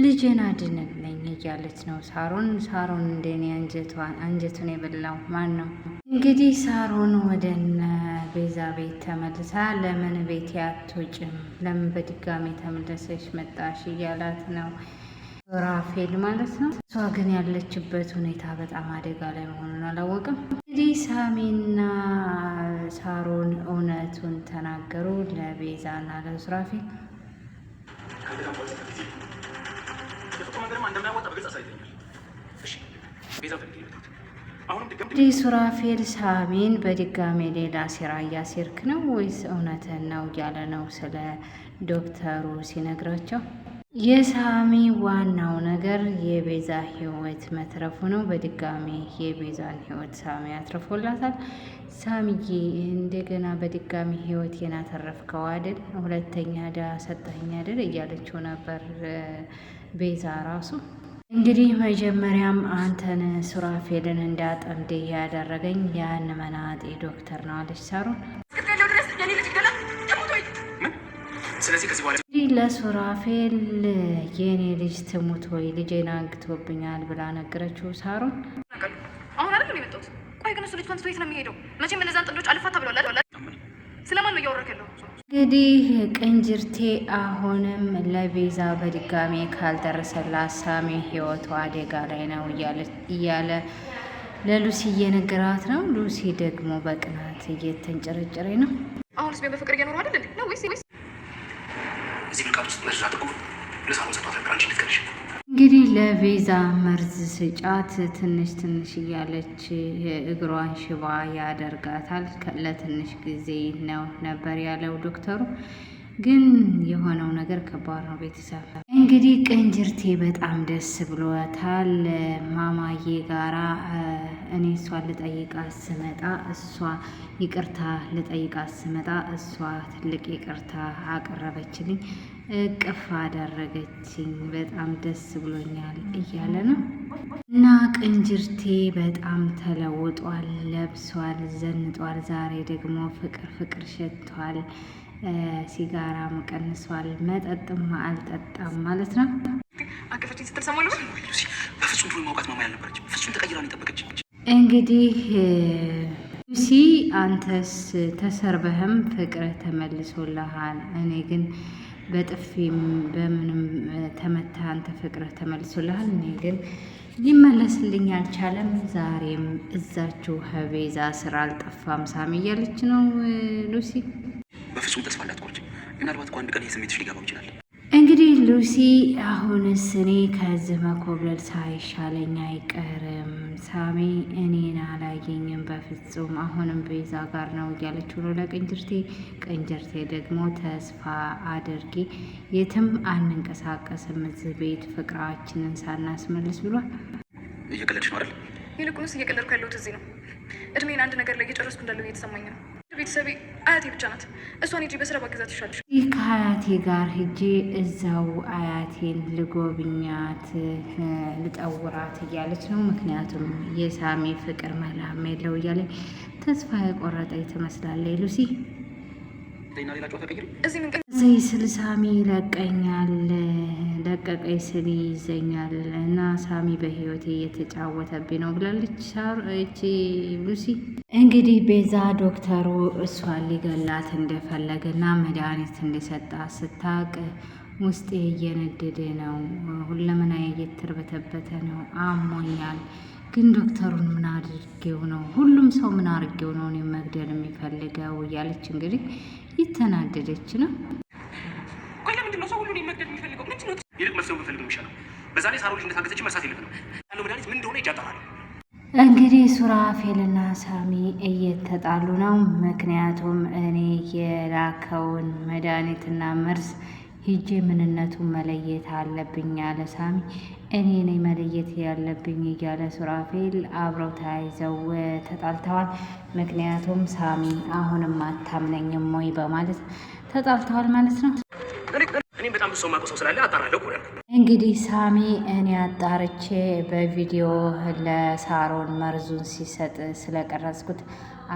ልጄን አድንልኝ እያለች ነው ሳሮን። ሳሮን እንደኔ አንጀቱን የበላው ማን ነው? እንግዲህ ሳሮን ወደ ቤዛ ቤት ተመልሳ ለምን ቤት አትወጭም? ለምን በድጋሚ ተመለሰች መጣሽ? እያላት ነው ራፌል ማለት ነው። እሷ ግን ያለችበት ሁኔታ በጣም አደጋ ላይ መሆኑን አላወቅም። እንግዲህ ሳሚና ሳሮን እውነቱን ተናገሩ ለቤዛና ለሱራፌል ሱራፌል ሳሚን በድጋሚ ሌላ ሴራ እያሴርክ ነው ወይስ እውነትን ነው እያለ ነው ስለ ዶክተሩ ሲነግራቸው የሳሚ ዋናው ነገር የቤዛ ህይወት መትረፉ ነው። በድጋሚ የቤዛን ህይወት ሳሚ አትርፎላታል። ሳሚዬ እንደገና በድጋሚ ህይወት አተረፍከው አይደል? ሁለተኛ ዳ ሰጠኸኝ አይደል? እያለችው ነበር ቤዛ ራሱ እንግዲህ መጀመሪያም አንተን ሱራፌልን እንዳጠምድ ያደረገኝ ያን መናጤ ዶክተር ነው አለች ሳሮን። እንግዲህ ለሱራፌል የኔ ልጅ ትሙት ወይ ልጄን አግቶብኛል ብላ ነገረችው ሳሮን። አሁን የመጣሁት? ቆይ ግን እሱ ልጅ ፈንትቶ የት ነው የሚሄደው? መቼም እነዛን ጥንዶች አልፋታ ብለዋል። ስለማን ነው እያወረክ ያለው? እንግዲህ ቅንጅርቴ አሁንም ለቤዛ በድጋሜ ካልደረሰላት ሳሚ ህይወቱ አደጋ ላይ ነው እያለ ለሉሲ እየነገራት ነው። ሉሲ ደግሞ በቅናት እየተንጨረጨረ ነው። አሁንስ ቢሆን በፍቅር እየኖሩ አይደል ነው ወይስ ወይስ እዚህ ብልቃት ውስጥ መዝዛት እኮ ለሳሙን ሰጥቷት ነበር አንቺ ልትቀርሽ ለቤዛ መርዝ ስጫት ትንሽ ትንሽ እያለች እግሯን ሽባ ያደርጋታል። ለትንሽ ጊዜ ነው ነበር ያለው ዶክተሩ። ግን የሆነው ነገር ከባድ ነው። ቤተሰብ እንግዲህ ቅንጅርቴ በጣም ደስ ብሎታል። ማማዬ ጋራ እኔ እሷ ልጠይቃ ስመጣ እሷ ይቅርታ ልጠይቃ ስመጣ እሷ ትልቅ ይቅርታ አቀረበችልኝ እቅፍ አደረገችኝ። በጣም ደስ ብሎኛል እያለ ነው እና ቅንጅርቴ በጣም ተለውጧል፣ ለብሷል፣ ዘንጧል። ዛሬ ደግሞ ፍቅር ፍቅር ሸቷል። ሲጋራ መቀንሷል። መጠጥም አልጠጣም ማለት ነው። እንግዲህ ሉሲ አንተስ ተሰርበህም ፍቅርህ ተመልሶልሃል። እኔ ግን በጥፊም በምንም ተመታ። አንተ ፍቅርህ ተመልሶልሃል። እኔ ግን ሊመለስልኝ አልቻለም። ዛሬም እዛችሁ ሀቤዛ ስራ አልጠፋም ሳሚ እያለች ነው ሉሲ። በፍጹም ተስፋ እንዳትቆርጭ። ምናልባት እኮ አንድ ቀን የስሜትሽ ሊገባው ይችላል። እንግዲህ ሉሲ፣ አሁንስ እኔ ከዚህ መኮብለል ሳይሻለኝ አይቀርም ሳሚ እኔን አላየኝም በፍጹም አሁንም ቤዛ ጋር ነው እያለች ብሎ ለቅንጅርቴ ቅንጅርቴ ደግሞ ተስፋ አድርጊ የትም አንንቀሳቀስም እዚህ ቤት ፍቅራችንን ሳናስመልስ ብሏል እየቀለድሽ ነው አይደል ይልቁንስ እየቀለድኩ ያለሁት እዚህ ነው እድሜን አንድ ነገር ላይ እየጨረስኩ እንዳለው እየተሰማኝ ነው ቤተሰቤ አያቴ ብቻ ናት እሷን ሂጂ በስራ ባገዛት ይሻልሽ አያቴ ጋር ሂጄ እዛው አያቴን ልጎብኛት ልጠውራት እያለች ነው። ምክንያቱም የሳሚ ፍቅር መላም የለው እያለ ተስፋ የቆረጠ ትመስላለች ሉሲ። እዚህ ስል ሳሚ ይለቀኛል ለቀቀኝ ስል ይዘኛል እና ሳሚ በህይወቴ እየተጫወተብኝ ነው ብላለች ቺ ሉሲ። እንግዲህ ቤዛ ዶክተሩ እሷን ሊገላት እንደፈለገና መድኃኒት እንደሰጣ ስታቅ ውስጤ እየነደደ ነው፣ ሁለመናዬ እየተርበተበተ ነው፣ አሞኛል። ግን ዶክተሩን ምን አድርጌው ነው? ሁሉም ሰው ምን አድርጌው ነው እኔ መግደል የሚፈልገው? እያለች እንግዲህ ይተናደደች ነው። ህብረተሰቡ ብፈልግ የሚሻለው በዛ ላይ ሳሮ ልጅ እንደታገተች መርሳት የለብንም። ያለው መድኃኒት ምን እንደሆነ ይጃጠራል። እንግዲህ ሱራፌልና ሳሚ እየተጣሉ ነው። ምክንያቱም እኔ የላከውን መድኃኒትና መርስ ሂጄ ምንነቱን መለየት አለብኝ ያለ ሳሚ እኔ እኔ መለየት ያለብኝ እያለ ሱራፌል አብረው ተያይዘው ተጣልተዋል። ምክንያቱም ሳሚ አሁንም አታምነኝም ወይ በማለት ተጣልተዋል ማለት ነው። ብዙ ሰው ማቆ ስላለ አጣራለሁ እኮ እንግዲህ ሳሚ እኔ አጣርቼ በቪዲዮ ለሳሮን መርዙን ሲሰጥ ስለቀረጽኩት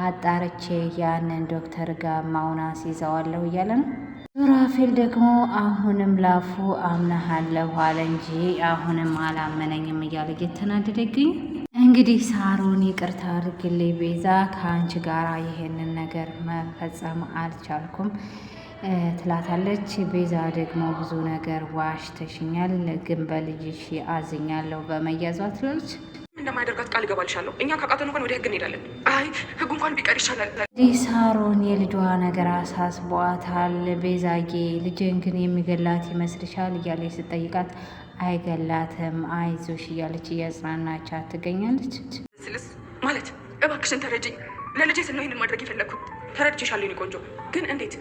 አጣርቼ ያንን ዶክተር ጋር ማውና ሲይዘዋለሁ እያለ ነው። ሱራፌል ደግሞ አሁንም ላፉ አምናሃለሁ አለ እንጂ አሁንም አላመነኝም እያለ እየተናደደ ይገኛል። እንግዲህ ሳሮን ይቅርታ አድርግልኝ ቤዛ፣ ከአንቺ ጋር ይሄንን ነገር መፈጸም አልቻልኩም ትላታለች። ቤዛ ደግሞ ብዙ ነገር ዋሽ ተሽኛል፣ ግን በልጅሽ አዝኛለሁ በመያዟ ትላለች። እንደማያደርጋት ቃል እገባልሻለሁ። እኛ ካቃተን እንኳን ወደ ህግ እንሄዳለን። አይ ህጉ እንኳን ቢቀር ይሻላል። ዲ ሳሮን የልጇ ነገር አሳስቧታል። ቤዛጌ ልጅን ግን የሚገላት ይመስልሻል እያለች ስጠይቃት አይገላትም፣ አይዞሽ እያለች እያጽናናቻ ትገኛለች። ስልስ ማለት እባክሽን ተረጅኝ፣ ለልጄ ስል ነው ይህንን ማድረግ የፈለግኩት። ተረድቼሻለሁ የኔ ቆንጆ፣ ግን እንዴት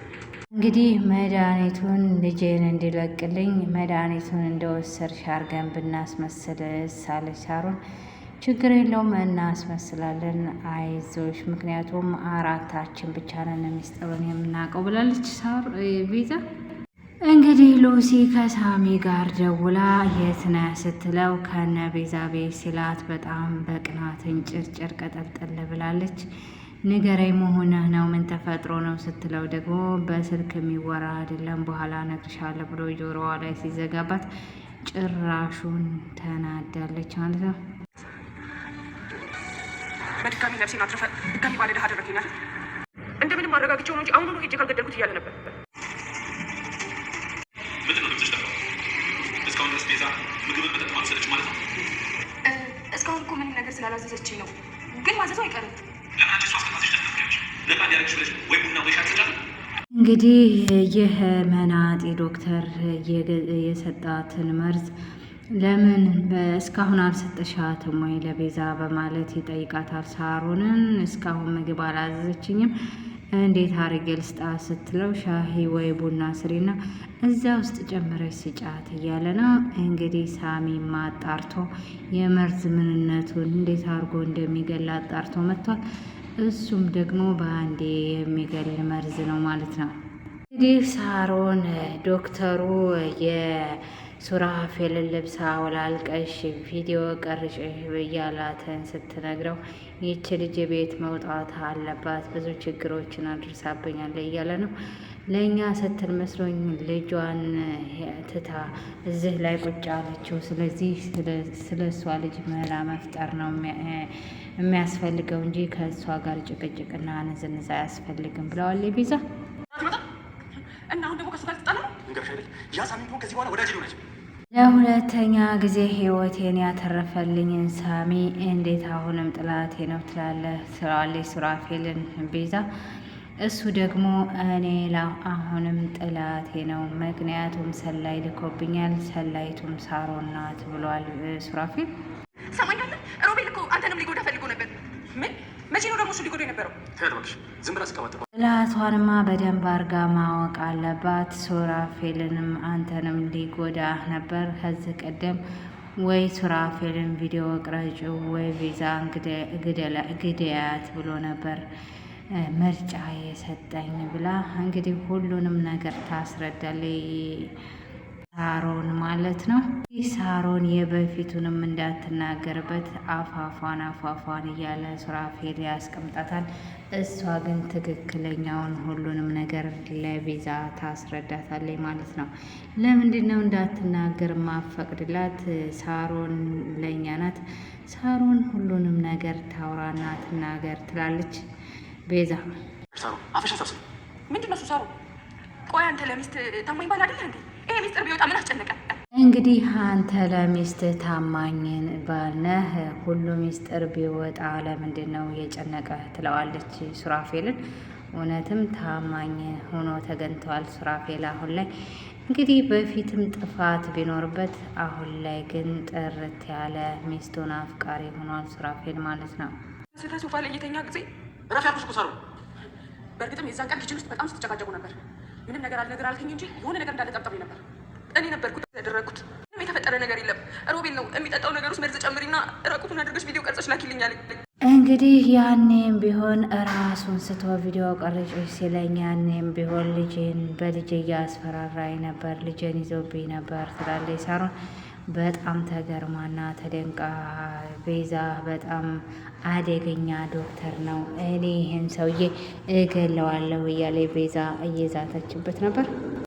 እንግዲህ መድኃኒቱን ልጄን እንዲለቅልኝ መድኃኒቱን እንደወሰድሽ አድርገን ብናስመስል አለች ሳሮን። ችግር የለውም እናስመስላለን፣ አይዞሽ፣ ምክንያቱም አራታችን ብቻ ነን ሚስጥሩን የምናውቀው ብላለች ሳር ቤዛ። እንግዲህ ሉሲ ከሳሚ ጋር ደውላ የት ነህ ስትለው ከነ ቤዛ ቤት ሲላት በጣም በቅናት እንጭርጭር ቀጠልጠል ብላለች። ንገረኝ መሆንህ ነው? ምን ተፈጥሮ ነው ስትለው ደግሞ በስልክ የሚወራ አይደለም በኋላ እነግርሻለሁ ብሎ ጆሮዋ ላይ ሲዘጋባት ጭራሹን ተናዳለች ማለት ነው። በድጋሚ ነፍሴን አትረፈ ድጋሚ ባለድህ አደረገኛል። እንደምንም አረጋግቼው ነው እንጂ አሁን ሁሉ ሄጄ ካልገደልኩት እያለ ነበር። እስካሁን ድረስ ቤዛ ምግብን መጠጥ ማንሰለች ማለት ነው። እስካሁን እኮ ምንም ነገር ስላላዘዘችኝ ነው፣ ግን ማዘዘው አይቀርም እንግዲህ ይህ መናጤ ዶክተር የሰጣትን መርዝ ለምን እስካሁን አልሰጠሻትም ወይ ለቤዛ በማለት ይጠይቃታል። ሳሮንን እስካሁን ምግብ አላዘዘችኝም እንዴት አርጌ ልስጣ ስትለው ሻሂ ወይ ቡና ስሪና እዛ ውስጥ ጨምረች ስጫት እያለ ነው እንግዲህ። ሳሚም አጣርቶ የመርዝ ምንነቱን እንዴት አድርጎ እንደሚገል አጣርቶ መጥቷል። እሱም ደግሞ በአንዴ የሚገል መርዝ ነው ማለት ነው። እንግዲህ ሳሮን ዶክተሩ ፌልን ልብሳ ወላልቀሽ ቪዲዮ ቀርጭሽ ብያላትን ስትነግረው ይች ልጅ ቤት መውጣት አለባት፣ ብዙ ችግሮችን አድርሳብኛለ እያለ ነው። ለእኛ ስትል መስሎኝ ልጇን ትታ እዚህ ላይ ቁጭ አለችው። ስለዚህ ስለ እሷ ልጅ መላ መፍጠር ነው የሚያስፈልገው እንጂ ከእሷ ጋር ጭቅጭቅና ንዝንዝ አያስፈልግም ብለዋል ቢዛ እና አሁን ደግሞ ከሱ ጋር ትጣለ ነው። ንገርሽ አይደል ያ ሳሚን ከዚህ በኋላ ወዳጅ ሊሆነች ለሁለተኛ ጊዜ ህይወቴን ያተረፈልኝን ሳሚ እንዴት አሁንም ጥላቴ ነው ትላለህ? ትላለች ሱራፌልን ቤዛ። እሱ ደግሞ እኔ አሁንም ጥላቴ ነው፣ ምክንያቱም ሰላይ ልኮብኛል፣ ሰላይቱም ሳሮን ናት ብሏል ሱራፌል። ሰማኛለ ሮቤል እኮ አንተንም ሊጎዳ ፈልጎ ነበር። ምን? መቼ ነው ደግሞ እሱ ሊጎዳ የነበረው? ዝም ብላ ጥላቷንማ በደንብ አርጋ ማወቅ አለባት። ሱራፌልንም አንተንም ሊጎዳ ነበር። ከዚህ ቀደም ወይ ሱራፌልን ቪዲዮ ቅረጩ ወይ ቪዛ ግደያት ብሎ ነበር ምርጫ የሰጠኝ ብላ እንግዲህ ሁሉንም ነገር ታስረዳለች። ሳሮን ማለት ነው። ይህ ሳሮን የበፊቱንም እንዳትናገርበት አፋፏን አፏፏን እያለ ሱራፌል ያስቀምጣታል። እሷ ግን ትክክለኛውን ሁሉንም ነገር ለቤዛ ታስረዳታለች ማለት ነው። ለምንድን ነው እንዳትናገር ማፈቅድላት? ሳሮን ለእኛ ናት። ሳሮን ሁሉንም ነገር ታውራና ትናገር ትላለች። ቤዛ ምንድን ነው እሱ? ሳሮን ቆይ አንተ ለሚስት ታማኝ ባል አይደለ እንዴ? ይሄ ሚስጥር ቢወጣ ምን አስጨነቀ? እንግዲህ አንተ ለሚስት ታማኝን ባልነህ ሁሉ ሚስጥር ቢወጣ ለምንድን ነው የጨነቀ? ትለዋለች ሱራፌልን። እውነትም ታማኝ ሆኖ ተገኝተዋል ሱራፌል አሁን ላይ እንግዲህ በፊትም ጥፋት ቢኖርበት አሁን ላይ ግን ጥርት ያለ ሚስቱን አፍቃሪ ሆኗል ሱራፌል ማለት ነው። ስለ ሶፋ ላይ የተኛ ጊዜ እረፍ ያልኩሽ እኮ በእርግጥም የዛን ቀን ኪችን ውስጥ በጣም ስትጨቃጨቁ ነበር ምንም ነገር አልነገር አልከኝ እንጂ የሆነ ነገር እንዳለ ነበር። እኔ ነበርኩት ያደረግኩት። ምንም የተፈጠረ ነገር የለም። ሮቤል ነው የሚጠጣው ነገር ውስጥ መርዝ ጨምሪና ራቁቱን አድርገሽ ቪዲዮ ቀርጸሽ ላኪልኛል። እንግዲህ ያኔም ቢሆን ራሱን ስቶ ቪዲዮ ቀርጬ ሲለኝ ያኔም ቢሆን ልጄን በልጄ እያስፈራራኝ ነበር፣ ልጄን ይዘውብኝ ነበር ትላለች ሳሮን በጣም ተገርማና ተደንቃ ቤዛ በጣም አደገኛ ዶክተር ነው፣ እኔ ይህን ሰውዬ እገለዋለሁ እያለ ቤዛ እየዛተችበት ነበር።